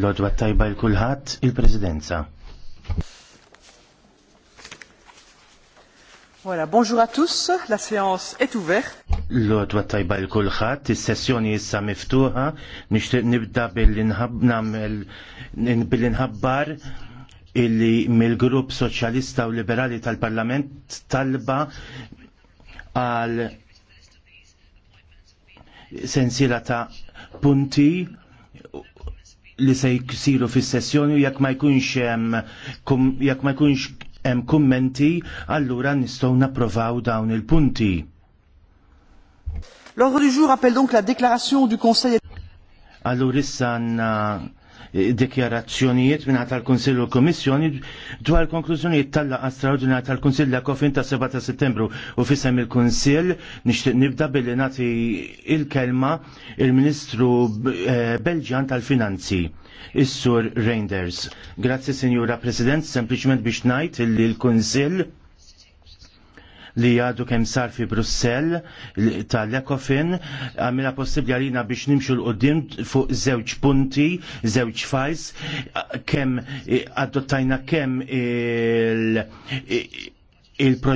L-odwa tajba l-kulħat il-Presidenza. Voilà, bonjour à tous, la séance est ouverte. L-odwa tajba l-kulħat, il-sessjoni issa miftuħa, nishtiq nibda bil-inħabbar illi mill-grupp soċjalista u liberali tal-parlament talba għal sensila ta' punti li se jsiru fis-sessjoni u jekk ma jkunx hemm jekk ma jkunx hemm kummenti, allura nistgħu napprovaw dawn il-punti. L'ordre du jour appelle donc la déclaration du Conseil. Allora issa dikjarazzjonijiet minn tal konsil u Komissjoni dwar konklużjonijiet tal-laqa straordinarja tal konsil la kofin ta' 7 ta' Settembru u fisem il konsil nixtieq nibda billi nagħti il-kelma il-Ministru eh, Belġan tal-Finanzi. Is-Sur Reinders. Grazzi Sinjura President, sempliċement biex ngħid il konsil kunsill li għadu kem sar fi Brussell tal-Ekofin għamila possibli għalina biex nimxu l-qoddim fuq zewċ punti, zewċ fajs, kem eh, adottajna kem il-proġett